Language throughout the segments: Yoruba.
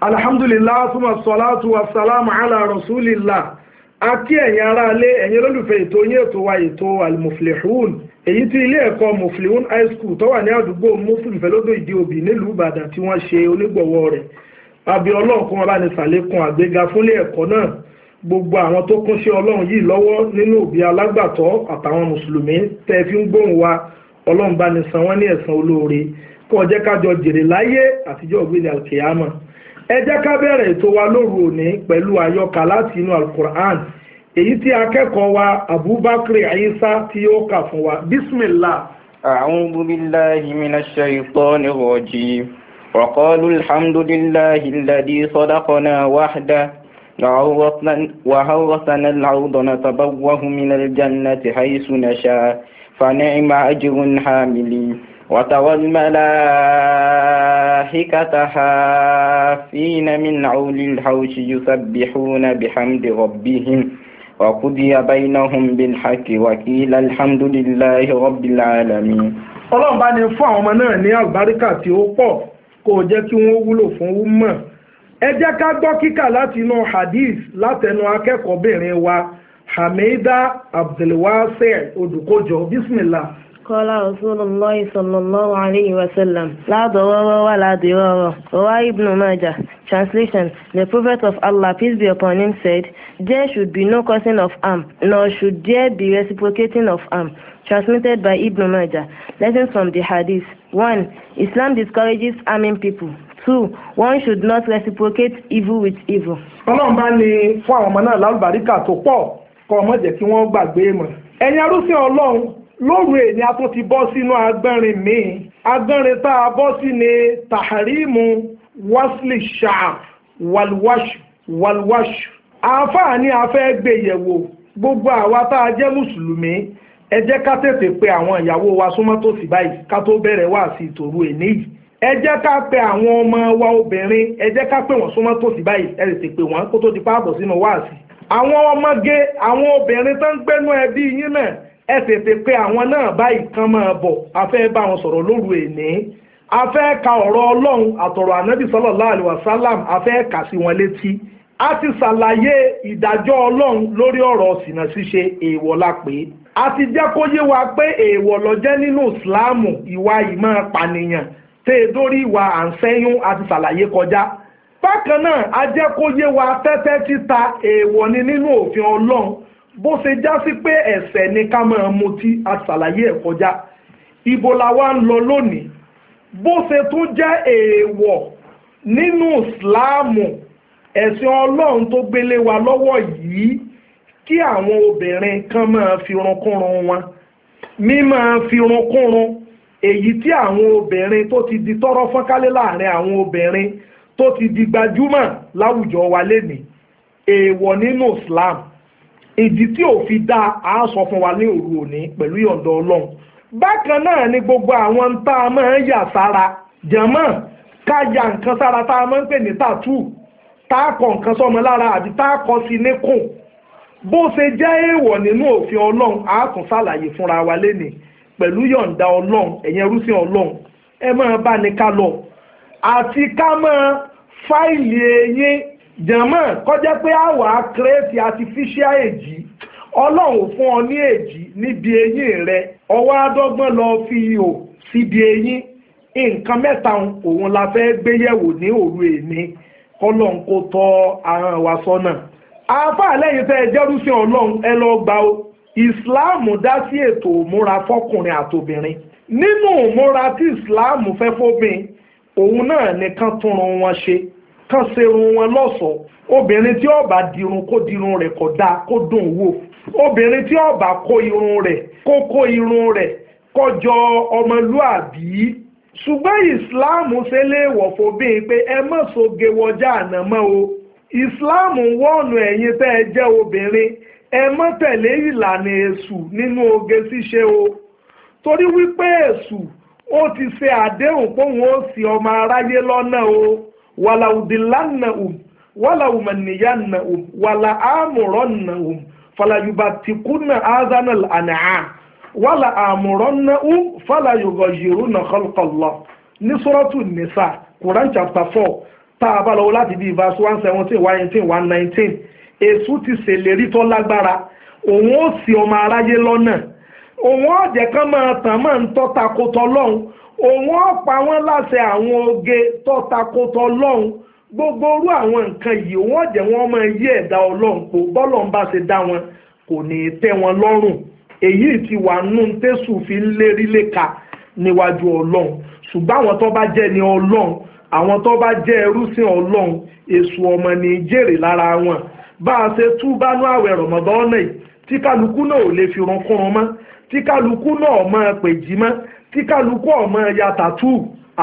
alhamdulillah suma salatu wa salamu ala rasulillah àti ẹ̀yin aráalé ẹ̀yin olólùfẹ́ ètò yín ètò wa ètò almuflihun èyí tí ilé ẹ̀kọ́ muflihun high school tó wà ní àdúgbò muslim fẹlódò ìdí òbí nílùú ìbàdàn tí wọ́n ṣe onígbọ̀wọ́ rẹ̀ àbí ọlọ́run kó wọn bá ní ṣàlékún àgbéga fúnlé ẹ̀kọ́ náà gbogbo àwọn tó kún sí ọlọ́run yìí lọ́wọ́ nínú òbí alágbàtọ́ àtàwọn mùsùlùmí tẹ́ fi ń gbóhùn wa ọlọ́run bá ní san wọ́n ní ẹ̀san olóore kó jẹ́ ká jọ jèrè láyé àtijọ́ ògbéni alkiyama ẹ jẹ́ ká bẹ̀rẹ̀ ètò wa lóru òní pẹ̀lú àyọkà láti inú alukur'an èyí tí akẹ́kọ̀ọ́ wa abubakar ayisa tí yóò kà fún wa bismillah. أعوذ بالله من الشيطان الرجيم وقالوا الحمد لله الذي صدقنا وحده وهرثنا العرض نتبوه من الجنة حيث نشاء فنعم أجر الحاملين وترى الملائكة حافين من عول الحوش يسبحون بحمد ربهم وقضي بينهم بالحق وقيل الحمد لله رب العالمين ọlọ́run bá ní fún àwọn ọmọ náà ní àlùbáríkà tí ó pọ̀ kó jẹ́ kí wọ́n wúlò fún wúmọ̀ ẹ jẹ́ ká gbọ́ kíkà láti inú hadith látẹnu akẹ́kọ̀ọ́bìnrin wa hamida abdulwasir odùkọjọ bismillah kọ́lá Rasulullah sallallahu alayhi wa sallam ládọ̀wọ́rọ́ wà ládìrọ́rọ́ rọ́wá Ibn Majah translation the prophet of Allah peace be upon him said there should be no causing of harm nor should there be reciprocating of harm transmitted by Ibn Majah lessons from the hadith one Islam discourages harming people two one should not reciprocate evil with evil. ọlọ́run bá ní fún àwọn ọmọ náà lálùbáríkà tó pọ̀ kọ́ ọmọ jẹ́ kí wọ́n gbàgbé mọ̀ ẹ̀yin arúgbó ọlọ́run lóru èyí a tó ti bọ́ sínú agbẹ́rin míì agbẹ́rin tá a bọ́ sí ni taharimu wasli sha'ab walwash walwash àáfàá ni a fẹ́ gbé yẹ̀wò gbogbo àwa tá a jẹ́ mùsùlùmí ẹ jẹ́ ká tètè pe àwọn ìyàwó wa súnmọ́ tòsí báyìí ká tó bẹ̀rẹ̀ wá sí ìtòru èní yìí ẹ jẹ́ ká pe àwọn ọmọ wa obìnrin ẹ jẹ́ ká pe wọ́n súnmọ́ tòsí báyìí ẹ lè tètè pè wọ́n kó tó di páàbọ̀ sínú wáàsí àwọn ọmọge àwọn obìnrin tó ń gbénú ẹbí yín náà ẹ tètè pé àwọn náà báyìí kán máa bọ̀ a fẹ́ bá wọn sọ̀rọ̀ lóru èní a fẹ́ ka ọ̀rọ̀ ọlọ́run àtọ̀rọ̀ ànábì sallallahu alaihi wasallam a fẹ́ kà sí wọn létí a ti ṣàlàyé ìdájọ́ ọlọ́run lórí ọ̀rọ̀ ṣìnà ṣíṣe èèwọ̀ la pè a ti jẹ́ kó yé wa pé èèwọ̀ ló jẹ́ nínú ìsìláàmù ìwà ìmọ̀ pànìyàn tẹ́ ẹ dórí ìwà à ń a ti ṣàlàyé kọjá bákan náà a jẹ́ kó yé wa tẹ́tẹ́ títa èèwọ̀ ni nínú òfin ọlọ́run bó ṣe já sí pé ẹ̀ṣẹ̀ ni ká máa mutí aṣàlàyé ẹ̀ kọjá ibo la wá ń lọ lónìí bó ṣe tún jẹ́ èèwọ̀ nínú ìsìláàmù ẹ̀sìn ọlọ́run tó gbélé wa lọ́wọ́ yìí kí àwọn obìnrin kan máa fi runkúrun wọn mí máa fi runkúrun èyí tí àwọn obìnrin tó ti di tọrọ fọ́nkálé láàrin àwọn obìnrin tó ti di gbajúmọ̀ láwùjọ wa lénìí èèwọ̀ nínú islam ìdí tí ò fi dá a sọ fún wa ní òru òní pẹ̀lú ìyọ̀ǹda ọlọ́run bákan náà ni gbogbo àwọn ń tá a máa ń yà sára jẹ̀mọ́ ká ya nǹkan sára tá a máa ń pè ní tàtú tá a kọ nǹkan sọmọ lára àbí tá a kọ sí níkùn bó ṣe jẹ́ èèwọ̀ nínú òfin ọlọ́run a tún ṣàlàyé fúnra wa lénìí pẹ̀lú yọ̀ǹda ọlọ́run ẹ̀yẹn rúsìn ọlọ́run ẹ máa bá ní ká lọ àti ká máa fáìlì eyín jẹ̀mọ́ kọjá pé àwọ̀ á kírẹ́ẹ̀tì artificial èjì ọlọ́run fún ọ ní èjì níbi eyín rẹ ọwọ́ adọ́gbọ́n lọ fi ihò síbi eyín nǹkan mẹ́ta òun la fẹ́ gbéyẹ̀wò ní òru èmi kọ́lọ́n kó tọ́ ara wa sọ́nà àáfàá lẹ́yìn tẹ́ ẹ jẹ́rúsìn ọlọ́run ẹ lọ gba o ìsìláàmù dá sí ètò òmúra fọkùnrin àtòbìnrin nínú òmúra tí ìsìláàmù fẹ́ fóbin òun náà nìkan túnrun wọn ṣe kán ṣe irun wọn lọ́sọ̀ọ́ obìnrin tí ó bá dirun kó dirun rẹ̀ kó dáa kó dùn wò obìnrin tí ó kó irun rẹ̀ kó kó irun rẹ̀ kó ọmọlúàbí ṣùgbọ́n ìsìláàmù ṣe léèwọ̀ fòbíin pé ẹ má soge wọjá ànámọ́ o ìsìláàmù wọ́ọ̀nù ẹ̀yin tẹ́ ẹ jẹ́ obìnrin ẹ má tẹ̀lé ìlànà èṣù nínú oge ṣíṣe o torí wípé èṣù ó ti ṣe àdéhùn póun ó ṣì ọmọ aráyé lọ́nà o wàlàùdìlánàhùn wàlàùmànìyànàhùn wàlàámùrọ̀nàhùn fàlàyùbàtìkúnà azanal ànàá wàlàámùrọ̀nàhùn fàlàyùgọ̀yìrúnà kọ́lùkọ́lọ́ ní sọ́rọ́tù nìsa Quran chapter four tá a bá lọ́wọ́ láti bíi verse one seventeen one eighteen one nineteen èṣù ti ṣèlérí tó lágbára òun ó ṣì ọmọ aráyé lọ́nà òun ọ̀jẹ̀ kan máa tàn máa ń tọ́takótọ́ lọ́hùn òun ọ̀pá wọn láti àwọn oge tọ́takótọ́ lọ́hùn gbogbo orú àwọn nǹkan yìí òun ọ̀jẹ̀ wọn máa yí ẹ̀dá ọlọ́run kò bọ́lọ̀ ń bá ṣe dá wọn kò ní í tẹ́ wọn lọ́rùn èyí wà nù tẹ́sù fi ń lérí níwájú ọlọ́run ṣùgbọ́n àwọn tó bá jẹ́ ni ọlọ́run àwọn tó bá jẹ́ ọlọ́run èṣù ọmọ jèrè lára wọn bá a ṣe tú àwẹ̀ rọ̀mọ́dọ́nà tí kálukú náà máa pè jí mọ́ tí kálukú ọmọ ya tàtú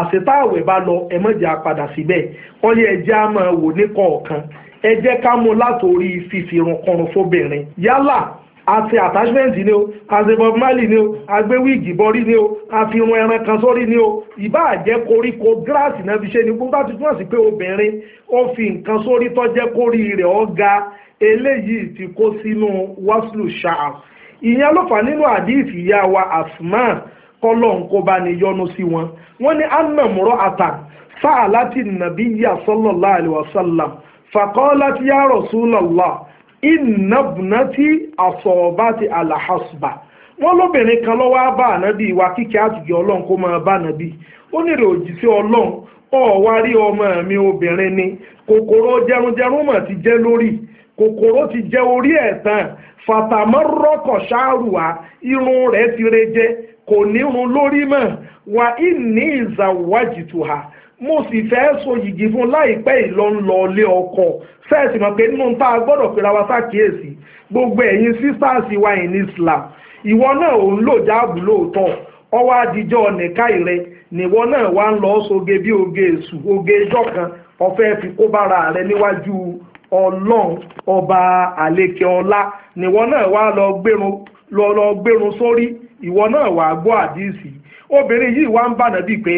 àṣetáàwẹ̀ bá lọ ẹ má jẹ́ apadà síbẹ̀ ọyẹ ẹ̀jẹ̀ á máa wò ní kọ̀ọ̀kan ẹ jẹ́ ká mú látòrí fífi runkunrun fóbìnrin yálà àti attachment ni o àti bob marley ni o agbéwìgì bọ́rí ni o àfihàn ẹran kan sórí ni o ìbáà jẹ́ koríko gíláàsì náà fi ṣe ni gbogbo àti túmọ̀ sí pé obìnrin ó fi nǹkan sórí tó jẹ́ rẹ̀ ó eléyìí ti kó sínú wáṣílù ṣáà ìyẹn ló fà nínú àdìsí ìyá wa Asma kọ́lọ́n kó bá ní yọ́nú sí wọn wọ́n ní anamọ́rọ́ ata fáàlátì nàbíyà sọ́lọ́lá àlùwàsálàm fàkọ́látì yá Rasulullah ìnàbùnátì àsọ̀ọ̀bátì àlàhásùbà wọ́n lóbìnrin kan lọ́wọ́ bá ànábì wa kíkẹ́ àtijọ́ kó máa bá ànábì ó òjìṣẹ́ kòkòrò ti jẹ orí ẹ̀ tán fàtàmọ́rọ́kọ̀ ṣáàrùwá irun rẹ̀ ti reje kò nírun lórí mọ́ wà ní ìzàwájì tó ha mo sì fẹ́ so yìgì fún láìpẹ́ ìlọ́nlọ́lé ọkọ̀ fẹ́ẹ̀sì mọ̀ pé nínú tá a gbọ́dọ̀ pera wa sákìyèsí gbogbo ẹ̀yin sisters wa in Islam ìwọ náà ò ń lò jáàbù lóòótọ́ ọwọ́ adijọ́ nìka ìrẹ nìwọ náà wá ń lọ sóge bí oge èṣù oge ẹjọ́ kan ọ̀fẹ́ fi kó bára rẹ níwájú ọlọ́run ọba àlekè ọlá nìwọ náà wá lọ gbérun lọ lọ gbérun sórí ìwọ náà wàá gbọ́ àdìsí obìnrin yìí wá ń bà náà bíi pé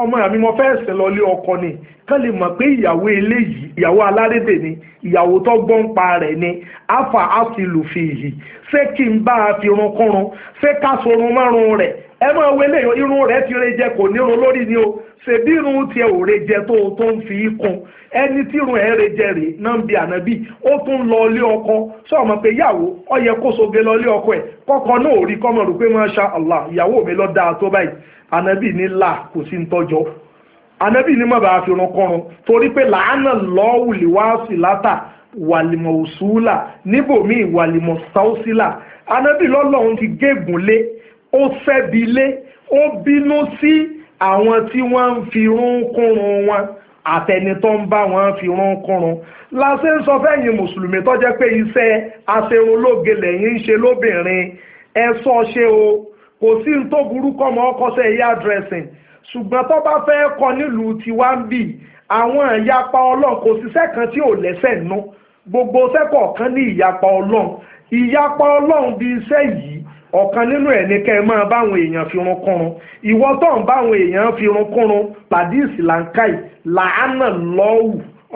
ọmọ mi mo fẹ́ sìn lọ lé ọkọ ni kán lè mọ̀ pé ìyàwó eléyìí ìyàwó alárédè ni ìyàwó tó gbọ́n pa rẹ̀ ni afa afi lùfi yìí ṣé kí n bá a fi runkunrun ṣé ká sorun márùn rẹ̀ ẹ máa wọlé irun rẹ̀ ti re jẹ kò nírun lórí ni o ṣèbí irun tiẹ̀ ò re jẹ tó o tó ń fi kún ẹni tí irun ẹ̀ re jẹ rè náà ń bi ànábì ó tún lọ ilé ọkọ sọ̀mọ́ pé yàwó ó yẹ kó soge lọ ilé ọkọ ẹ̀ kọ́kọ́ náà ò rí kọ́mọ̀ rò pé masha allah ìyàwó mi lọ dáa tó báyìí ànábì ní là kò sí ń tọ́jọ́ ànábì ní fi run kọrun torí pé làánà lọ́wù lìwáàsì látà wàlìmọ̀ òṣùlà níbòmíì wàlìmọ̀ sáúsílà ànábì lọ́lọ́run ti gégùn ó bínú sí àwọn tí wọ́n ń fi rún kúrun wọn àtẹni tó ń bá wọn fi rún kúrun láṣẹ ń sọ fẹ́yìn mùsùlùmí tó jẹ́ pé iṣẹ́ aṣerunlóge lẹ́yìn ń ṣe lóbìnrin ẹ sọ ṣe o kò sí ní tó burú kọ́ mọ́ ọkọ̀ṣẹ́ ìyá dressing ṣùgbọ́n tó bá fẹ́ kọ nílùú tiwa ń bì àwọn ìyapa ọlọ́run kò síṣẹ́ kan tí ò lẹ́sẹ̀ nú gbogbo sẹ́kọ̀ọ́ kan ní ìyapa ọlọ́run ìyapa ọlọ́run bíi iṣẹ́ yìí ọ̀kan nínú ẹ̀ ní kẹ́ ẹ máa báwọn èèyàn fi run kúrun ìwọ tó ń àwọn èèyàn fi run kúrun pàdíìsì làǹkàì làánà lọ́wù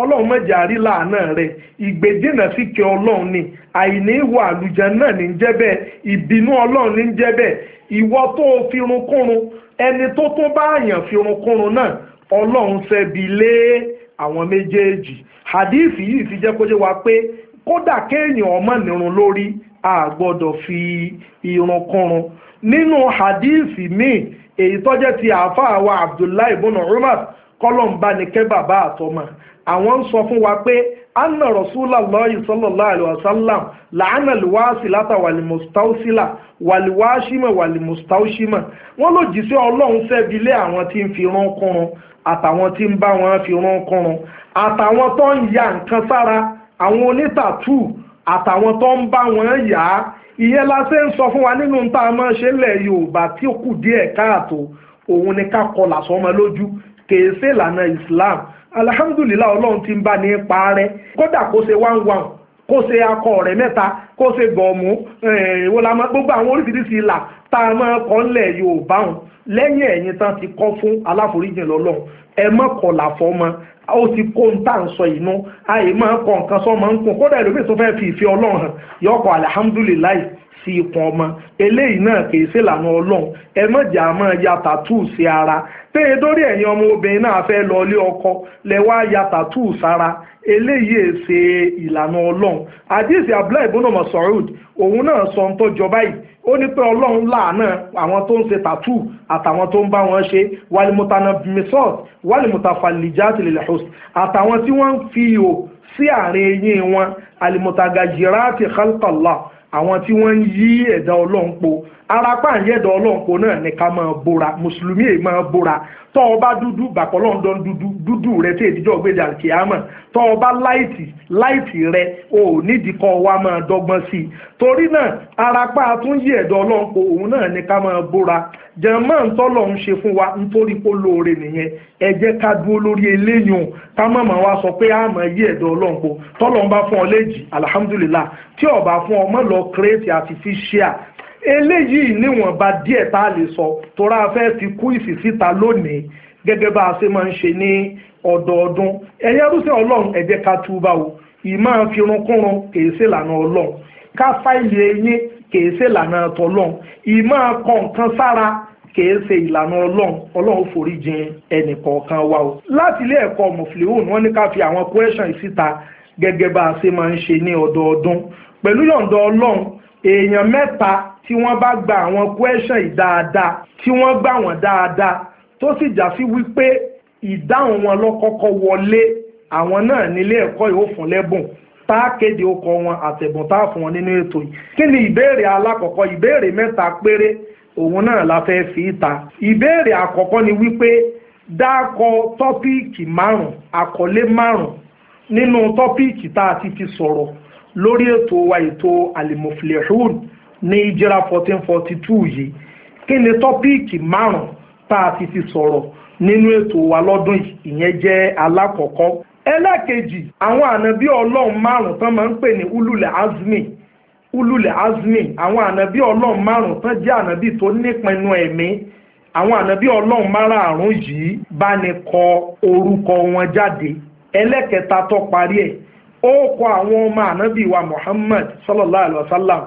ọlọ́run mẹ́jẹ àrí làánà rẹ̀ ìgbèdínà sí kẹ ọlọ́run ni àìní ìwọ àlùjá náà ní jẹ́ bẹ́ẹ̀ ìbínú ọlọ́run ní jẹ́ bẹ́ẹ̀ ìwọ tó fi run kúrun ẹni tó tó bá àyàn fi run kúrun náà ọlọ́run ṣẹ́bi lé àwọn méjèèjì hadith yìí ti jẹ́ kó jẹ́ wa pé kódà kéèyàn ọmọ nírun lórí a gbọ́dọ̀ fi irun kọrun nínú hadithi míì èyí tọ́jẹ́ ti àáfàá wa abdullahi ibn umar kọ́lọ́mbà ní kẹ́ bàbá àtọ́mà àwọn ń sọ fún wa pé anna rasulallahi sallallahu alaihi wasallam la'ana alwasilata walmustausila walwashima walmustaushima wọ́n ló jíṣẹ́ ọlọ́run ṣẹ́bi lé àwọn tí ń fi rán kọrun àtàwọn tí ń bá wọn fi rán kọrun àtàwọn tó ń ya nǹkan sára àwọn onítàtù àtàwọn tó ń bá wọn yà á ìyẹn la ṣe ń sọ fún wa nínú tá a máa ṣe lẹ̀ Yorùbá tí ó kù díẹ̀ káàtó òun ni ká kọlà sọmọ lójú kèé ṣe ìlànà Islam alhamdulillah Ọlọ́run ti ń bá ní parẹ́ kódà kó ṣe one one kó ṣe akọ rẹ̀ mẹ́ta kó ṣe gọ̀ọ̀mù ìwọ la máa gbogbo àwọn oríṣiríṣi ìlà tá a máa kọ́ ńlẹ̀ Yorùbá hàn lẹ́yìn ẹ̀yìn tán ti kọ́ fún aláforíjìn lọ́lọ́run ẹ mọ́ kọlà fọ́mọ ó ti kó ń tà ń sọ inú àyè máa kọ nǹkan sọ máa ń kún kódà ìlúmíì tó fẹ́ẹ́ fi ìfẹ́ ọlọ́run hàn yọkọ̀ alihamudulilayi sí ikùn ọmọ eléyìí náà kìí ṣe lànà ọlọ́run ẹ mọ̀jà máa ya tàtú sí ara pé dórí ẹ̀yin ọmọ obìnrin náà fẹ́ lọ ilé ọkọ lẹ́wọ́ ya tàtú sára eléyìí è ṣe ìlànà ọlọ́run àdìsí abdullahi ibùnà masoud òun náà sọ ń tọ́jọ báyìí ó ní pé ọlọ́run láàánà àwọn tó ń ṣe tàtú àtàwọn tó ń bá wọn ṣe wàlìmùtànà misọ́t wàlìmùtàfà lìjáàtì lè host àtàwọn tí wọ́n ń fi ihò sí àárín eyín wọn àlìmùtàgàjìrá àti khalqallah àwọn tí wọ́n ń yí ẹ̀dá ọlọ́run po arapa ń yẹ̀dá ọlọ́run po náà ní ká máa bora mùsùlùmí èyí máa bora tọ́ ọ bá dúdú bàpọ̀ lọ́n dán dúdú dúdú rẹ tí èdíjọ́ gbèdà kìámọ̀ tọ́ ọ láìtì láìtì rẹ ò nídìí kọ́ wa máa dọ́gbọ́n sí i torí náà arapa tún yí ẹ̀dá ọlọ́run po òun náà ní máa bora jẹ̀mọ́ ntọ́lọ̀ ń ṣe fún wa nítorí kó lóore nìyẹn ẹ jẹ́ ká dúró lórí eléyìí ká má máa wá sọ pé àmọ́ yí ẹ̀dá ọlọ́run tọ́lọ̀ ń bá fún ọ léjì alhamdulillah tí ó fún ọ lọ lọ create artificial eléyìí níwọ̀nba díẹ̀ tá a lè sọ torí a fẹ́ fi kú ìsì síta lónìí gẹ́gẹ́ bá a ṣe máa ń ṣe ní ọdọọdún ẹ̀yẹ́ rúṣẹ́ ọlọ́run ẹ jẹ́ ká túbà o ìmọ̀ firunkunrun kìí ṣe lànà ọlọ́run ká fáìlì eyín kìí ṣe lànà tọlọ́run ìmọ̀ kọ nǹkan sára kìí ṣe ìlànà ọlọ́run ọlọ́run forí jìn ẹnì kọ̀ọ̀kan wa o láti ilé ẹ̀kọ́ mọ̀fìlìhùn wọ́n ní ká fi àwọn question síta gẹ́gẹ́ bá a ṣe máa ń ṣe ní ọdọọdún pẹ̀lú yọ̀ǹda ọlọ́run èèyàn mẹ́ta tí wọ́n bá gba àwọn kwẹ́sàn dáadáa tí wọ́n gbà wọ́n dáadáa tó sì já sí wípé ìdáhùn wọn lọ́kọ́kọ́ wọlé àwọn náà nílé ẹ̀kọ́ yóò fún lẹ́bùn tá a kéde okọ wọn àtẹ̀bùn tá a fún wọn nínú ètò yìí kí ni ìbéèrè alákọ̀ọ́kọ́ ìbéèrè mẹ́ta péré òun náà la fẹ́ fi ta ìbéèrè àkọ́kọ́ ni wípé dákọ tọ́píìkì márùn-ún àkọlé márùn-ún nínú tọ́píìkì tá a ti fi sọ̀rọ̀ lórí ètò wa ètò alimoflehun ní ìjẹ́ra 1442 yìí kí ni tọ́píìkì márùn-ún tá a ti fi sọ̀rọ̀ nínú ètò wa lọ́dún ìyẹn jẹ́ alákọ̀ọ́kọ́ ẹlẹ́ẹ̀kejì àwọn ànábí ọlọ́run márùn-ún tán máa ń pè ní azmi azmi àwọn ànábí ọlọ́run márùn-ún tán jẹ́ ànábí tó nípinnu ẹ̀mí àwọn ànábí ọlọ́run yìí bá ní kọ orúkọ wọn jáde ẹlẹ́kẹta tó parí ẹ̀ o kọ àwọn ọmọ ànábì wa Muhammad sallallahu alaihi wasallam sallam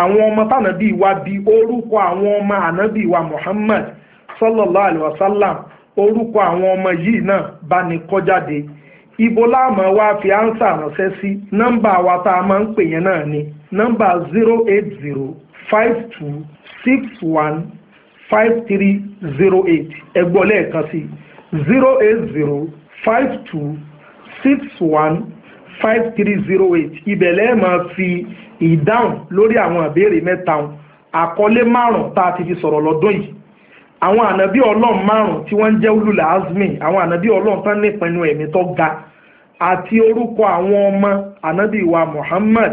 àwọn ọmọ tànábì wa bí orúkọ àwọn ọmọ wa Muhammad sallallahu alaihi wasallam sallam orúkọ àwọn ọmọ yìí náà bá ní kọ ibo láàmú wa fi ánsà ránṣẹ́ sí nọ́mbà wa tá a máa ń pè yẹn náà ni nọ́mbà zero eight zero five two six one five three zero eight lẹ́ẹ̀kan sí zero eight zero five two six one. five three zero eight ibẹ̀ lẹ́ẹ̀ máa fi ìdáhùn lórí àwọn ìbéèrè mẹ́ta wọn àkọlé márùn tá a ti fi sọ̀rọ̀ lọ́dún yìí àwọn ànábí ọlọ́run márùn-ún tí wọ́n ń jẹ́ ulul azmi àwọn ànábí ọlọ́run tán nípinnu ẹ̀mí tó ga àti orúkọ àwọn ọmọ ànábí wa Muhammad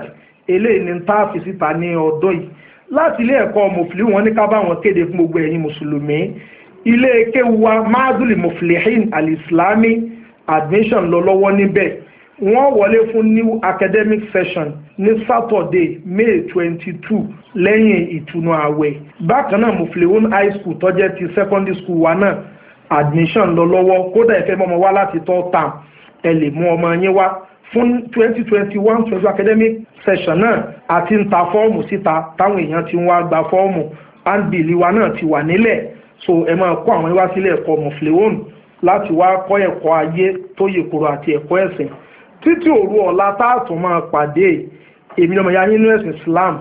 eléyìí ni tá a fi síta ní ọdún yìí láti ilé ẹ̀kọ́ mọ̀fìlì wọn ní ká bá wọn kéde fún gbogbo ẹ̀yin mùsùlùmí ilé kéwu wa mazuli muflihin alislami admission lọ lọ́wọ́ níbẹ̀ wọ́n wọlé fún new academic session ní Saturday May twenty two lẹ́yìn ìtùnú ààwẹ̀ bákan náà mufleon high school tọ́jẹ́ ti secondary school wa náà admission lọ lọ́wọ́ kódà ẹ̀fẹ́ mọ́mọ́ wá láti tọ́ tàm ẹ lè mú ọmọ yín wá fún twenty twenty one twenty academic session náà àti ń ta fọ́ọ̀mù síta táwọn èèyàn ti ń wá gba fọ́ọ̀mù anbili wa náà ti wà nílẹ̀ so ẹ máa kó àwọn ìwá sílẹ̀ ẹ̀kọ́ mufleon láti wá kọ́ ẹ̀kọ́ ayé tó yè koro àti ẹ̀kọ́ ẹ̀sìn títí òru ọ̀la táàtún máa pàdé èmi ọmọ ya nínú ẹ̀sìn Islam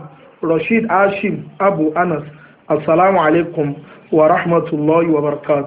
Rasheed Hashim Abu Anas assalamu alaikum wa rahmatullahi wa barakatuh